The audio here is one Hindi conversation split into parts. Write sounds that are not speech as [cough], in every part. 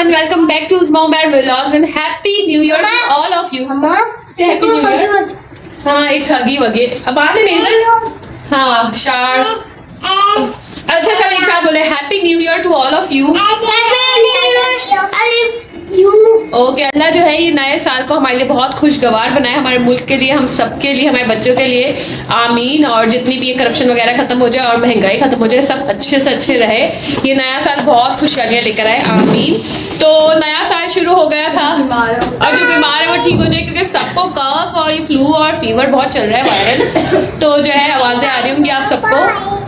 everyone, welcome back to Usmong Bear Vlogs and Happy New Year to all of you. Mama, Say Happy New Year. हाँ it's Huggy Wuggy. अब आने नहीं हाँ शार अच्छा सब एक साथ बोले happy new year to all of you okay अल्लाह जो है ये नए साल को हमारे लिए बहुत खुशगवार बनाए हमारे मुल्क के लिए हम सब के लिए हमारे बच्चों के लिए आमीन और जितनी भी ये करप्शन वगैरह खत्म हो जाए और महंगाई खत्म हो जाए सब अच्छे से अच्छे रहे ये नया साल बहुत खुशहालियाँ लेकर आए आमीन तो नया साल शुरू हो गया था और जो बीमार है वो ठीक हो जाए क्योंकि सबको कफ और ये फ्लू और फीवर बहुत चल रहा है वायरल तो जो है आवाज़ें आ रही होंगी आप सबको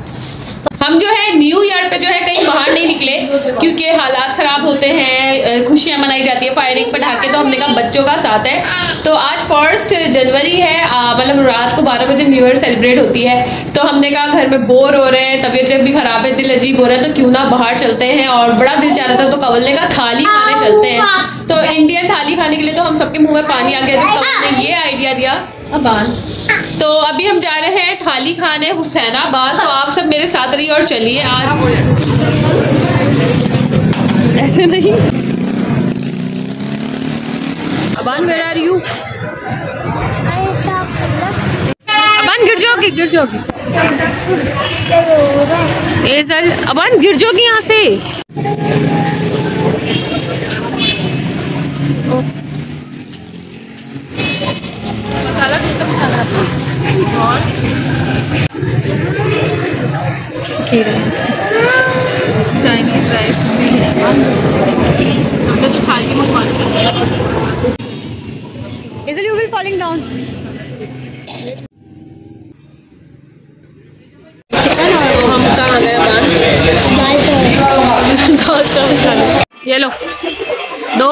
हम जो है न्यू ईयर पे जो है कहीं बाहर नहीं निकले क्योंकि हालात ख़राब होते हैं खुशियाँ मनाई जाती है फायरिंग पटाखे तो हमने कहा बच्चों का साथ है तो आज फर्स्ट जनवरी है मतलब रात को बारह बजे न्यू ईयर सेलिब्रेट होती है तो हमने कहा घर में बोर हो रहे हैं तबीयत भी ख़राब है दिल अजीब हो रहा है तो क्यों ना बाहर चलते हैं और बड़ा दिल चाह रहा था तो कंवल ने कहा थाली खाने चलते हैं तो इंडियन थाली खाने के लिए तो हम सबके मुँह में पानी आ गया जब कंवल ने ये आइडिया दिया तो अभी हम जा रहे हैं थाली खाने हुसैनाबाद तो आप सब मेरे साथ रही और चलिए आज ऐसे नहीं Aban where are you Aban गिर जाओगी गिर जाओगी एजल अबान गिर जाओगी यहाँ से खीर चाइनीज राइस भी है तो थाली चिकन और वो हम कहाँ गए दाल चावल दाल चावल ये लो दो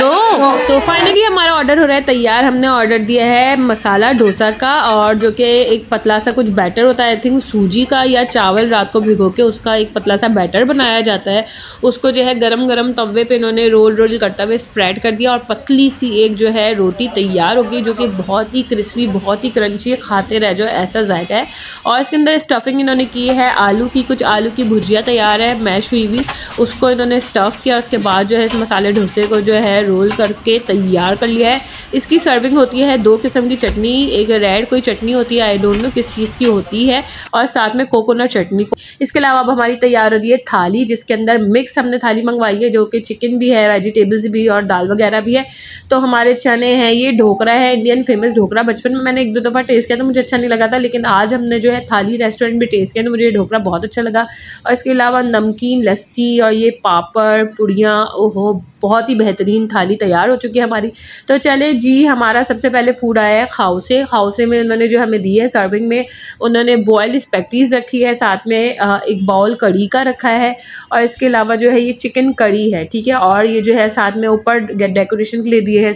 दो तो फाइनली तो हमारा ऑर्डर हो रहा है तैयार हमने ऑर्डर दिया है मसाला डोसा का और जो कि एक पतला सा कुछ बैटर होता है आई थिंक सूजी का या चावल रात को भिगो के उसका एक पतला सा बैटर बनाया जाता है उसको जो है गरम गरम तवे पे इन्होंने रोल रोल करता हुए स्प्रेड कर दिया और पतली सी एक जो है रोटी तैयार हो गई जो कि बहुत ही क्रिस्पी बहुत ही क्रंची खाते रह जाओ ऐसा जायका है और इसके अंदर स्टफिंग इन्होंने की है आलू की कुछ आलू की भुजिया तैयार है मैश हुई हुई उसको इन्होंने स्टफ़ किया उसके बाद जो है इस मसाले डोसे को जो है रोल कर करके तैयार कर लिया है इसकी सर्विंग होती है दो किस्म की चटनी एक रेड कोई चटनी होती है आई डोंट नो किस चीज़ की होती है और साथ में कोकोनट चटनी को इसके अलावा अब हमारी तैयार हो रही है थाली जिसके अंदर मिक्स हमने थाली मंगवाई है जो कि चिकन भी है वेजिटेबल्स भी और दाल वगैरह भी है तो हमारे चने हैं ये ढोकरा है इंडियन फेमस ढोकरा बचपन में मैंने एक दो दफ़ा टेस्ट किया तो मुझे अच्छा नहीं लगा था लेकिन आज हमने जो है थाली रेस्टोरेंट भी टेस्ट किया तो मुझे ये ढोकरा बहुत अच्छा लगा और इसके अलावा नमकीन लस्सी और ये पापड़ पुड़ियाँ ओहो बहुत ही बेहतरीन थाली तैयार तैयार हो चुकी है हमारी तो चले जी हमारा सबसे पहले फूड आया है खाउसे खाउसे में उन्होंने जो हमें दी है सर्विंग में उन्होंने बॉयल स्पेक्टीज़ रखी है साथ में एक बाउल कड़ी का रखा है और इसके अलावा जो है ये चिकन कड़ी है ठीक है और ये जो है साथ में ऊपर डेकोरेशन के लिए दिए है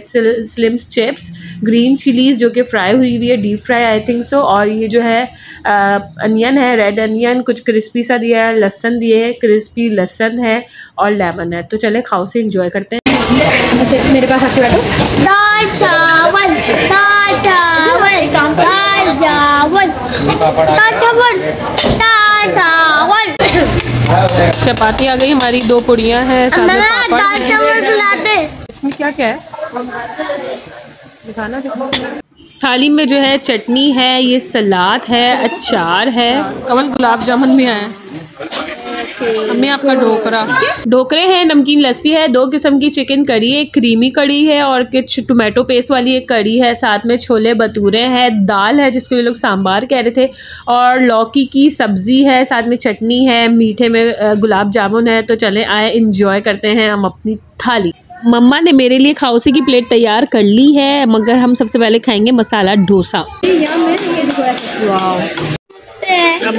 स्लिम्स चिप्स ग्रीन चिलीज़ जो कि फ्राई हुई हुई है deep fry I think so और ये जो है अनियन है रेड अनियन कुछ क्रिस्पी सा दिया है लहसन दिए है क्रिस्पी लहसन है और लेमन है तो चले खाओ से इंजॉय करते हैं मेरे पास आके बैठो दाल चावल दाल चावल दाल चावल दाल चावल दाल चावल चपाती आ गई हमारी दो पुड़िया है दाल चावल खिलाते इसमें क्या क्या है दिखाना दिखाओ थाली में जो है चटनी है ये सलाद है अचार है कमल गुलाब जामुन भी आया हमें आपका ढोकरा ढोकरे हैं नमकीन लस्सी है दो किस्म की चिकन करी है एक क्रीमी कड़ी है और कुछ टोमेटो पेस्ट वाली एक कड़ी है साथ में छोले भतूरे हैं दाल है जिसको ये लोग सांबार कह रहे थे और लौकी की सब्ज़ी है साथ में चटनी है मीठे में गुलाब जामुन है तो चले आए इंजॉय करते हैं हम अपनी थाली मम्मा ने मेरे लिए खाउसी की प्लेट तैयार कर ली है मगर हम सबसे पहले खाएंगे मसाला डोसा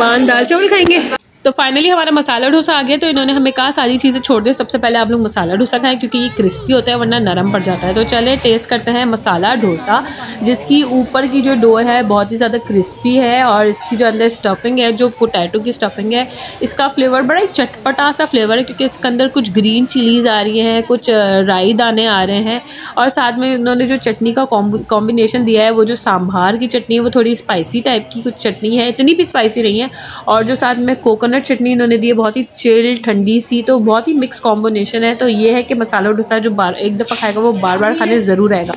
दाल चावल खाएंगे तो फाइनली हमारा मसाला डोसा आ गया तो इन्होंने हमें कहा सारी चीज़ें छोड़ दें सबसे पहले आप लोग मसाला डोसा खाएं क्योंकि ये क्रिस्पी होता है वरना नरम पड़ जाता है तो चले टेस्ट करते हैं मसाला डोसा जिसकी ऊपर की जो डो है बहुत ही ज़्यादा क्रिस्पी है और इसकी जो अंदर स्टफिंग है जो पोटैटो की स्टफिंग है इसका फ्लेवर बड़ा ही चटपटा सा फ्लेवर है क्योंकि इसके अंदर कुछ ग्रीन चिलीज़ आ रही हैं कुछ राई दाने आ रहे हैं और साथ में इन्होंने जो चटनी का कॉम्बिनेशन दिया है वो जो सांभार की चटनी है वो थोड़ी स्पाइसी टाइप की कुछ चटनी है इतनी भी स्पाइसी नहीं है और जो साथ में कोकोनट कोकोनट चटनी इन्होंने दी है बहुत ही चिल ठंडी सी तो बहुत ही मिक्स कॉम्बिनेशन है तो ये है कि मसाला डोसा जो बार एक दफ़ा खाएगा वो बार बार खाने ज़रूर आएगा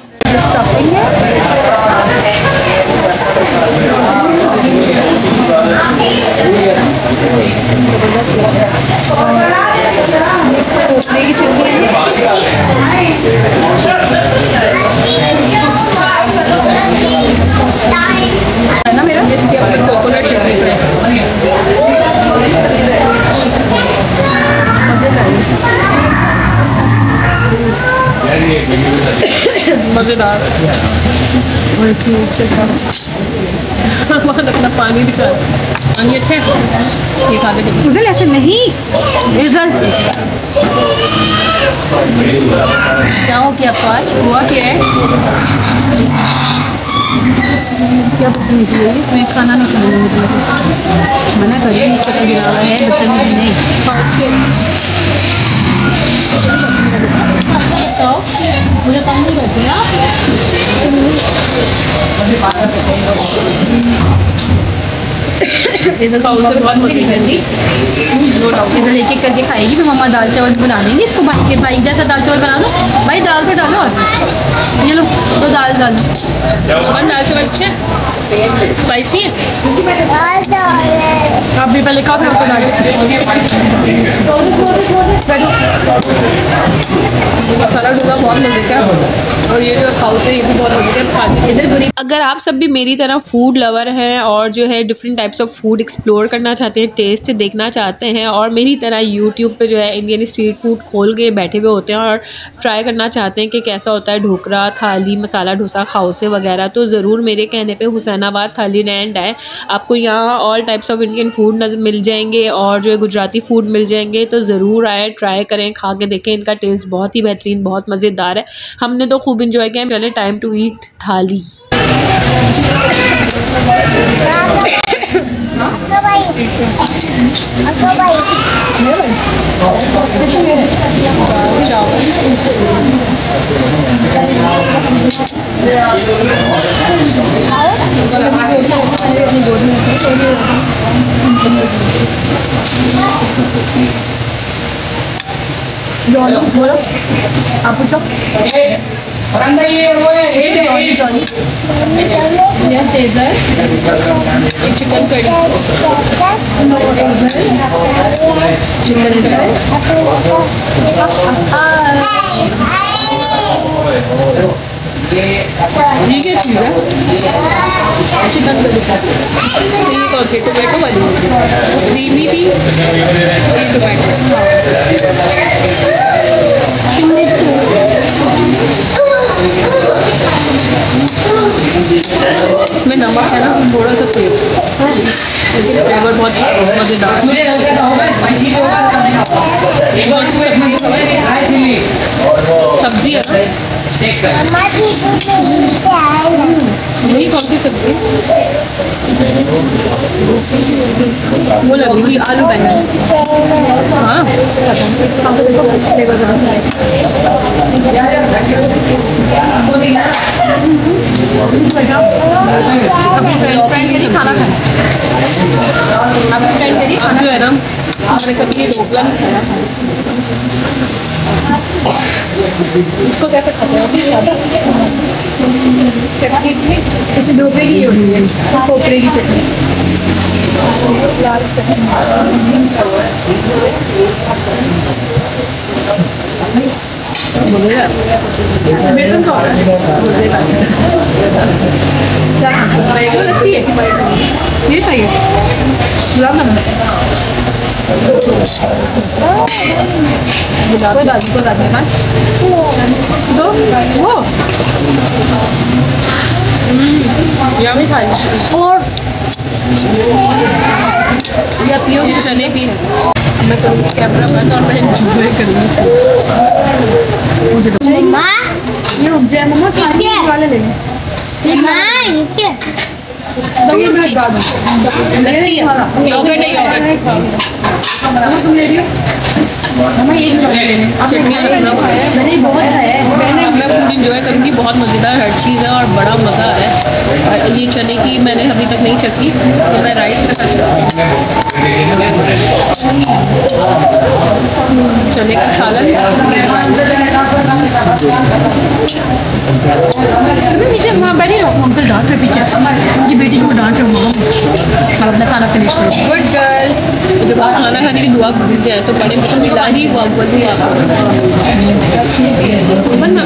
ना मेरा ये इसकी अपनी मज़ेदार और इसकी अपना पानी दिखा पानी अच्छा ये खाते ऐसे नहीं क्या हो क्या आपको आज हुआ क्या है क्या बदतमीजी है मैं खाना नहीं खा रही मतलब मना कर रही है बदतमीजी नहीं इधर एक एक करके खाएगी फिर मम्मा दाल चावल बना देंगे इसको भाई के भाई जैसा दाल चावल बना दो भाई दाल तो डालो और ये लो तो दाल डालो दाल चावल अच्छे स्पाइसी है भी पहले आपको मसाला डूबा बहुत मज़े का और ये जो खाउस है ये भी बहुत मज़े का अगर आप सब भी मेरी तरह फूड लवर हैं और जो है different types of food explore करना चाहते हैं टेस्ट देखना चाहते हैं और मेरी तरह यूट्यूब पे जो है इंडियन स्ट्रीट फूड खोल के बैठे हुए होते हैं और ट्राई करना चाहते हैं कि कैसा होता है ढोकरा थाली मसाला डोसा खाउसे वगैरह तो ज़रूर मेरे कहने पर हुसैन जहानाबाद थाली लैंड है आपको यहाँ all types of Indian food मिल जाएंगे और जो है गुजराती फूड मिल जाएंगे तो ज़रूर आए ट्राई करें खा के देखें इनका टेस्ट बहुत ही बेहतरीन बहुत मज़ेदार है हमने तो खूब इन्जॉय किया चले टाइम टू ईट थाली चावल बोलो आप पूछो और चिकन कड़ी चिकन कड़ी ये क्या चीज़ है चिकन कड़ी तो कौन सी टोमेटो तो वाली क्रीमी थी ये टोमेटो इसमें नमक है ना थोड़ा सा तेल लेकिन फ्लेवर बहुत मज़ेदार वही कौन सी सब्जी वो लग रही थी आलू बैंगन हाँ खाना खाना जो है ना हमने कभी ढोकला नहीं खाया इसको कैसे खाते हो डोबे की हो रही है खोपड़े की चटनी लाल चटनी ये चाहिए कोई भी मैं करूँगी कैमरा बंद और मैं इंजॉय करूँगी मुझे ये रुक जाए मम्मा वाले लेने तुम ले रही हो हमें एक चटनी और बहुत है मैं फूड इंजॉय करूँगी बहुत मज़ा मज़ेदार हर चीज़ है और बड़ा मज़ा है और ये चने की मैंने अभी तक नहीं चखी तो मैं राइस के साथ चने का सालन पीछे माँ बैठी अंकल डांस है पीछे उनकी बेटी को डांस है माँ मैं अपना खाना फिनिश करूँ गुड गर्ल जब आप खाना खाने की दुआ भूल जाए तो बड़े मुझे मिला ही हुआ बोल भी आपको हम्म।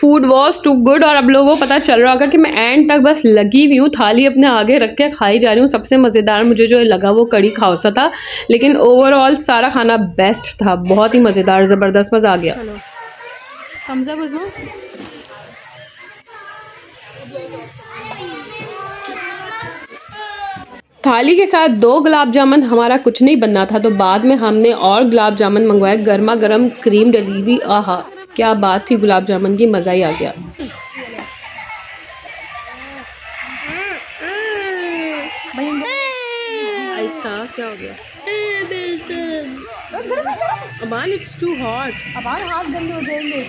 फूड वॉज टू गुड और अब लोगों को पता चल रहा होगा कि मैं एंड तक बस लगी हुई हूँ थाली अपने आगे रख के खाई जा रही हूँ सबसे मज़ेदार मुझे जो लगा वो कड़ी खाउसा था लेकिन ओवरऑल सारा खाना बेस्ट था बहुत ही मज़ेदार ज़बरदस्त मज़ा आ गया थाली के साथ दो गुलाब जामुन हमारा कुछ नहीं बनना था तो बाद में हमने और गुलाब जामुन मंगवाए गर्मा गर्म क्रीम डली हुई आहा क्या बात थी गुलाब जामुन की मज़ा ही आ गया क्या हो गया इट्स टू हॉट हाथ गंदे हो जाएंगे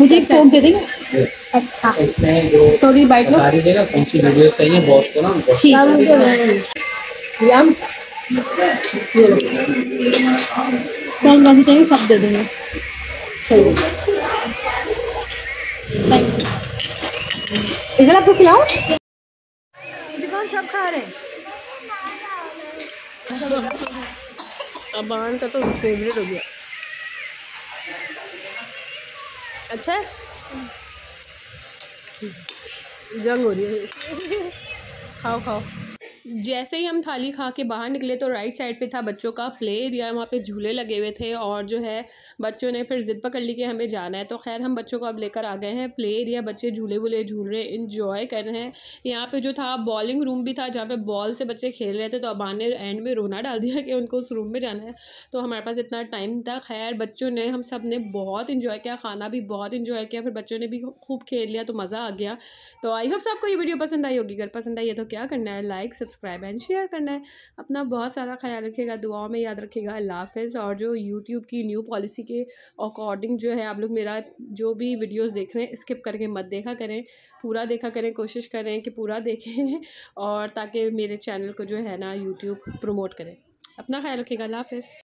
मुझे एक दे देंगे अच्छा थोड़ी बाइट लो कौन सी वीडियो बॉस को ना ठीक है टाइम कौन कौन चाहिए सब दे देंगे सही इधर आपको खिलाओ कौन सब खा रहे अबान का तो फेवरेट हो गया अच्छा जंग हो रही है खाओ खाओ जैसे ही हम थाली खा के बाहर निकले तो राइट साइड पे था बच्चों का प्ले एरिया वहाँ पे झूले लगे हुए थे और जो है बच्चों ने फिर ज़िद पकड़ ली कि हमें जाना है तो खैर हम बच्चों को अब लेकर आ गए हैं प्ले एरिया बच्चे झूले वूले झूल रहे हैं इन्जॉय कर रहे हैं यहाँ पर जो था बॉलिंग रूम भी था जहाँ पर बॉल से बच्चे खेल रहे थे तो अबान ने एंड में रोना डाल दिया कि उनको उस रूम में जाना है तो हमारे पास इतना टाइम था खैर बच्चों ने हम सब ने बहुत इन्जॉय किया खाना भी बहुत इन्जॉय किया फिर बच्चों ने भी खूब खेल लिया तो मज़ा आ गया तो आई होप आपको ये वीडियो पसंद आई होगी अगर पसंद आई है तो क्या करना है like subscribe subscribe and share करना है अपना बहुत सारा ख्याल रखिएगा दुआओं में याद रखिएगा अल्लाह हाफिज़ और जो यूट्यूब की न्यू पॉलिसी के अकॉर्डिंग जो है आप लोग मेरा जो भी वीडियोस देख रहे हैं स्किप करके मत देखा करें पूरा देखा करें कोशिश करें कि पूरा देखें [laughs] और ताकि मेरे चैनल को जो है ना यूट्यूब प्रमोट करें अपना ख्याल रखिएगा अल्लाह हाफिज़